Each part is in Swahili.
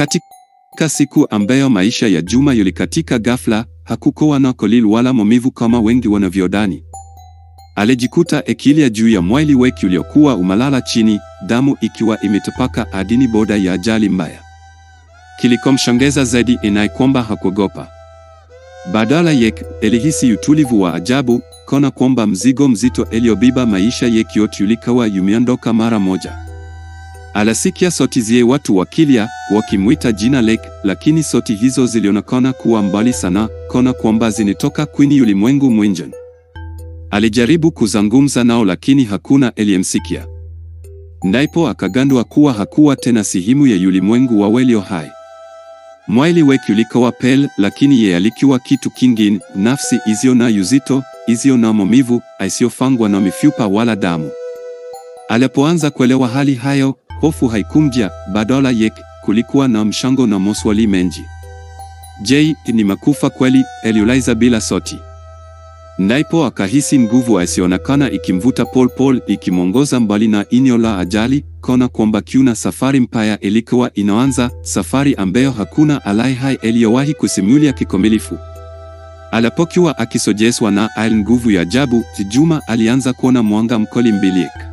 Katika siku ambayo maisha ya Juma yalikatika ghafla, hakukuwa na kolil wala maumivu kama wengi wanavyodhani. Alijikuta ekilia juu ya mwili wake uliokuwa umalala chini, damu ikiwa imetapaka adini boda ya ajali mbaya. Kilikomshongeza zaidi ni kwamba hakuogopa. Badala yake alihisi utulivu wa ajabu, kana kwamba mzigo mzito aliyobeba maisha yake yote ulikawa umeondoka mara moja alasikia sauti zie watu wakilia wakimwita jina lake, lakini sauti hizo zilionekana kuwa mbali sana, kona kwamba zinitoka kwini ulimwengu mwingine. Alijaribu kuzungumza nao, lakini hakuna aliyemsikia. Ndipo akagandua kuwa hakuwa tena sehemu ya ulimwengu wa walio hai. Mwili wake ulikuwa pale, lakini yeye alikuwa kitu kingine, nafsi isiyo na uzito, isiyo na maumivu, isiyofungwa na mifupa wala damu. Alipoanza kuelewa hali hayo, Hofu haikumja, badala yake kulikuwa na mshango na maswali mengi. Je, makufa kweli? Aliuliza bila sauti. Ndipo akahisi nguvu asionekana ikimvuta polepole, ikimwongoza mbali na eneo la ajali, kana kwamba kuna safari mpya ilikuwa inaanza, safari ambayo hakuna aliye hai aliyowahi kusimulia kikamilifu. Alipokuwa akisojeswa na al nguvu ya ajabu, Juma alianza kuona mwanga mkali mbele yake.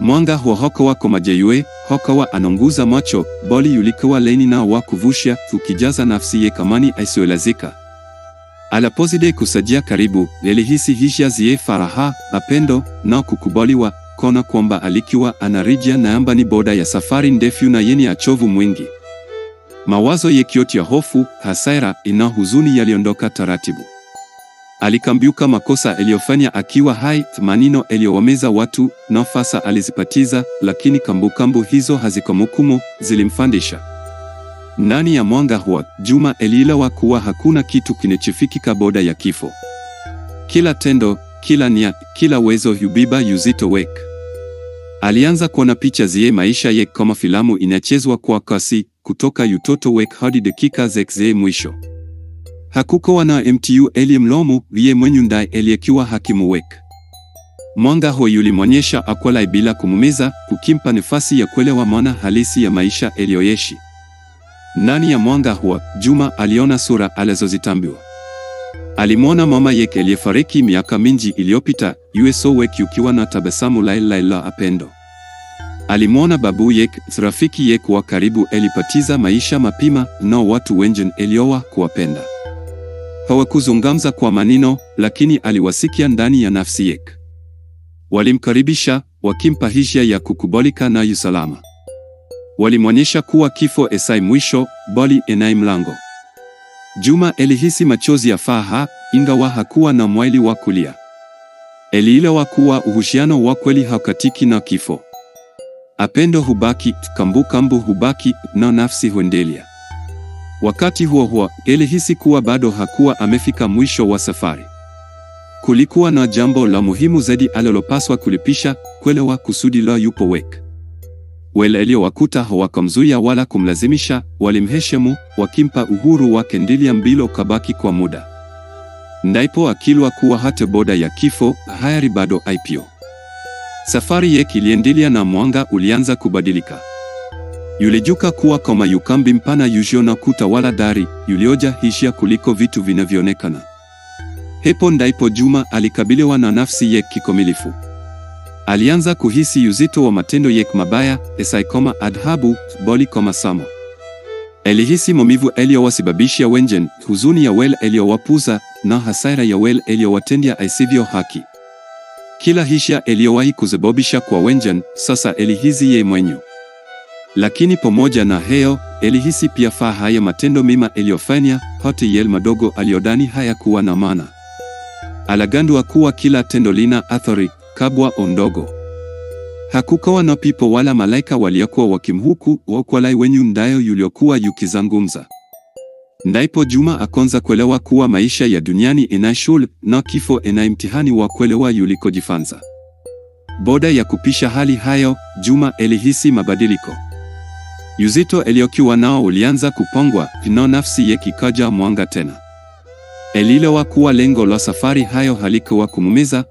Mwanga wa hokowa komajeue hokowa anonguza macho boli yulikowa leni nao wa kuvusha fukijaza nafsi ye kamani aisioelezeka. Alapozidi kusajia karibu, lelihisi hisha ziye faraha, mapendo nao kukubaliwa kona kwamba alikiwa anarijia ni boda ya safari ndefu na yeni achovu mwingi. Mawazo yekioti hofu, hasaira ina huzuni yaliondoka taratibu. Alikambiuka makosa aliyofanya akiwa hai, maneno aliyowameza watu, nafasa alizipatiza, lakini kambukambu hizo hazikumhukumu, zilimfandisha Ndani ya mwanga huo, Juma alielewa kuwa hakuna kitu kinachofikika boda ya kifo. Kila tendo, kila nia, kila wezo yubiba yuzito wake. Alianza kuona picha zie maisha ye kama filamu inachezwa kwa kasi, kutoka utoto wake hadi dakika zake za mwisho hakukuwa na mtu mlomu mwenyu liye mwenyundaye eliyekuwa hakimuweka mwanga huo ulimwonyesha akwalai bila kumumiza, kukimpa nafasi ya kuelewa mwana halisi ya maisha eliyoyeshi. Ndani ya mwanga huwa Juma aliona sura alizozitambiwa Alimwona mama yake aliyefariki miaka minji iliyopita, uso wake ukiwa na tabasamu lailai la apendo Alimwona babu yek rafiki yek wa karibu, elipatiza maisha mapima nao watu wengine aliowahi kuwapenda. Hawakuzungumza kwa maneno, lakini aliwasikia ndani ya nafsi yake. Walimkaribisha, wakimpa hisia ya kukubalika na usalama. Walimwonyesha kuwa kifo esai mwisho, bali enai mlango. Juma elihisi machozi ya faha, ingawa hakuwa na mwaili wa kulia. Elielewa kuwa uhusiano wa kweli haukatiki na kifo. Apendo hubaki, kambukambu hubaki, na nafsi huendelea. Wakati huo huo, alihisi kuwa bado hakuwa amefika mwisho wa safari. Kulikuwa na jambo la muhimu zaidi alilopaswa kulipisha, kuelewa kusudi la yupo Wek. Wale aliyowakuta hawakamzuia wala kumlazimisha, walimheshimu, wakimpa uhuru wake. Ndili ambilo kabaki kwa muda, ndipo akilwa kuwa hata boda ya kifo hayari bado ipo Safari yekiliendilia na mwanga ulianza kubadilika. Yule kuwa kama yukambi mpana yujio na kuta wala dari, yulioja hishia kuliko vitu vinavyoonekana. Hepo ndaipo Juma alikabiliwa na nafsi yek kikomilifu Alianza kuhisi uzito wa matendo yek mabaya, esaikoma adhabu boli koma samo. Elihisi maumivu eliyowasababishia wenjen, huzuni ya wel eliyowapuza na hasara ya wel eliyowatendia aisivyo haki. Kila hisia eliyowahi kuzebobisha kwa wenjen, sasa elihizi ye mwenyu. Lakini pamoja na hayo, elihisi pia faa ya matendo mema aliyofanya, hata yale madogo aliyodhani hayakuwa na maana. Aligundua kuwa kila tendo lina athari kubwa au ndogo. Hakukawa na pepo wala malaika waliokuwa wakimhuku wokolai wenyu ndayo yuliokuwa yukizungumza. Ndipo Juma akonza kuelewa kuwa maisha ya duniani ina shule na kifo ina mtihani wa kuelewa yulikojifanza. boda ya kupisha hali hayo, Juma elihisi mabadiliko. Uzito eliokuwa nao ulianza kupongwa, kino nafsi ye kikaja mwanga tena. elilewa kuwa lengo la safari hayo halikuwa kumumiza,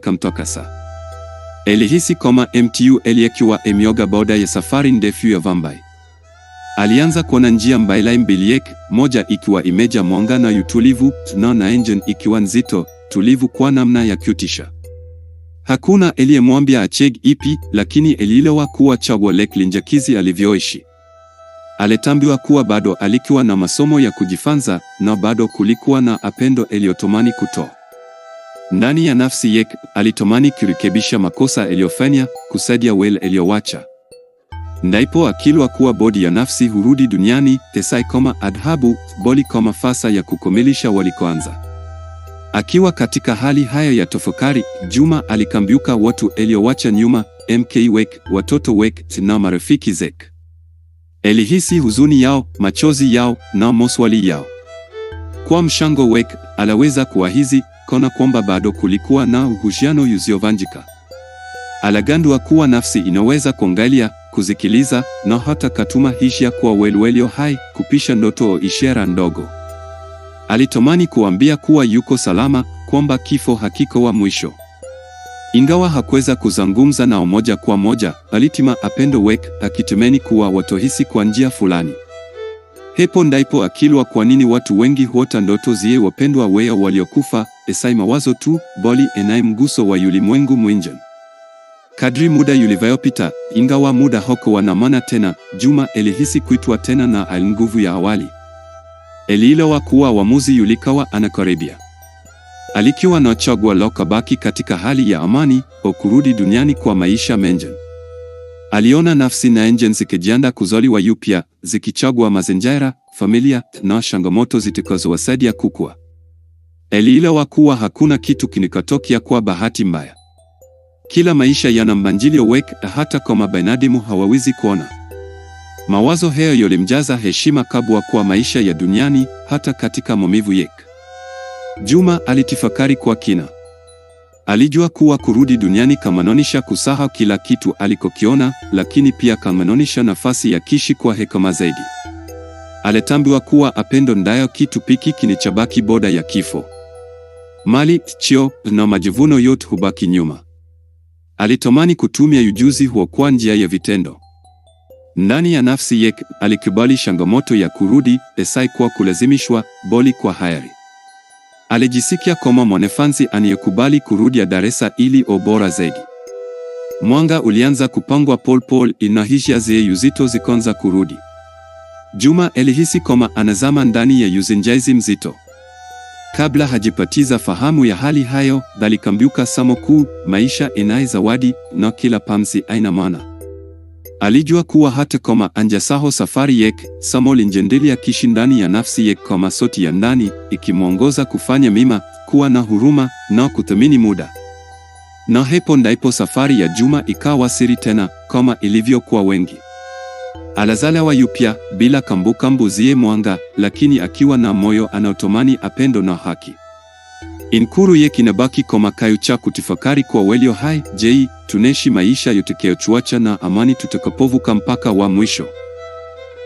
kamtoka sa. Elihisi kama mtu eliyekiwa emioga boda ya safari ndefu ya vambai. Alianza kuona njia mbaila mbiliek, moja ikiwa imeja mwanga na utulivu, na engine ikiwa nzito, tulivu kwa namna ya kutisha. Hakuna eliyemwambia acheg ipi, lakini elilewa kuwa chaguo lake linjakizi alivyoishi. Alitambiwa kuwa bado alikuwa na masomo ya kujifunza na bado kulikuwa na apendo eliyotomani kutoa ndani ya nafsi yake. Alitomani kurekebisha makosa aliyofanya kusaidia wale aliyowacha Ndaipo akilwa kuwa bodi ya nafsi hurudi duniani tesai kama adhabu boli kama fasa ya kukamilisha walikoanza. Akiwa katika hali haya ya tofakari Juma alikambiuka watu aliyowacha nyuma, mke wake, watoto wake na marafiki zake. Elihisi huzuni yao, machozi yao na maswali yao. Kwa mshango wek alaweza kuahizi kona kwamba bado kulikuwa na uhusiano usiovunjika. Alagandua kuwa nafsi inaweza kuangalia, kusikiliza na hata katuma hisia kwa welwelio hai kupisha ndoto o ishara ndogo. Alitamani kuambia kuwa yuko salama, kwamba kifo hakiko wa mwisho. Ingawa hakuweza kuzungumza nao moja kwa moja, alitima apendo wek akitemeni kuwa watohisi kwa njia fulani. Hepo ndaipo akilwa kwa nini watu wengi huota ndoto ziye wapendwa weya waliokufa, esai mawazo tu boli enai mguso wa yulimwengu mwinjen. Kadri muda yulivayopita, ingawa muda hoko wanamana tena, Juma elihisi kuitwa tena na alinguvu ya awali. elilowa kuwa wamuzi yulikawa anakaribia alikiwa na chagua la kubaki katika hali ya amani au kurudi duniani kwa maisha menjen. Aliona nafsi na enjen zikijiandaa kuzaliwa upya, zikichagua mazingira, familia na changamoto zitakazowasaidia kukua. Alielewa kuwa hakuna kitu kinikatokea kwa bahati mbaya. Kila maisha yana mpangilio wake, hata kama binadamu hawawezi kuona. Mawazo hayo yalimjaza heshima kubwa kwa maisha ya duniani, hata katika maumivu yake. Juma alitifakari kwa kina. Alijua kuwa kurudi duniani kamanonisha kusaha kila kitu alikokiona, lakini pia kamanonisha nafasi ya kishi kwa hekima zaidi. alitambiwa kuwa apendo ndayo kitu piki kinichabaki boda ya kifo. Mali, cheo na majivuno yote hubaki nyuma. Alitamani kutumia ujuzi huo kwa njia ya vitendo. Ndani ya nafsi yake alikubali changamoto ya kurudi, esai kwa kulazimishwa, boli kwa hayari. Alijisikia kama mwanafunzi anayekubali kurudi darasa ili obora zaidi. Mwanga ulianza kupangwa polepole, na hisia yuzito zikaanza kurudi. Juma alihisi kama anazama ndani ya yuzinjaizi mzito. Kabla hajipatiza fahamu ya hali hayo, dhalikambuka somo kuu: maisha inaye zawadi na kila pamsi aina mwana Alijua kuwa hata kama anjasaho safari yek samo ya kishi ndani ya nafsi yek kama soti ya ndani ikimwongoza kufanya mima, kuwa na huruma na kuthamini muda. Na hepo ndaipo safari ya Juma ikawa siri tena, kama ilivyokuwa wengi. Alazalawa yupya bila kambukambu zie mwanga, lakini akiwa na moyo anaotomani apendo na haki. Inkuru ye kinabaki komakayo cha kutifakari kwa welio hai jei tuneshi maisha yotakayotuacha na amani tutakapovuka mpaka wa mwisho?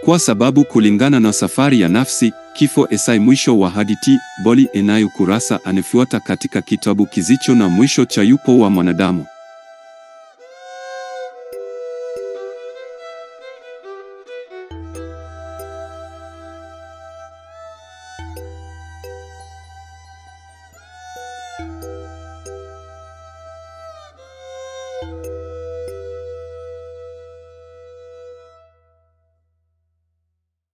Kwa sababu kulingana na safari ya nafsi, kifo esai mwisho wa haditi boli enayo kurasa anafuata katika kitabu kizicho na mwisho cha yupo wa mwanadamu.